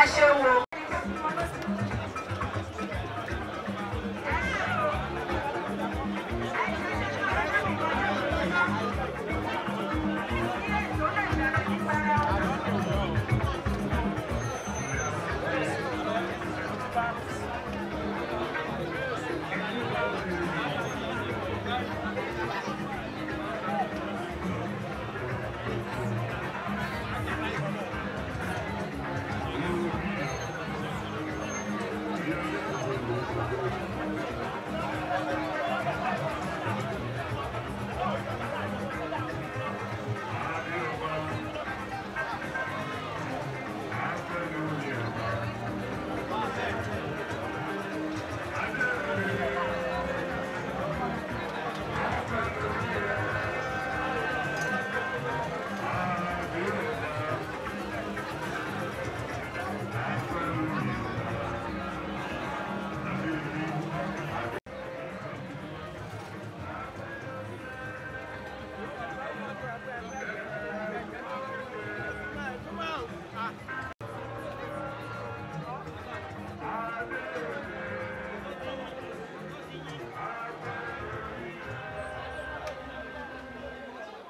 ẹ ṣeun o.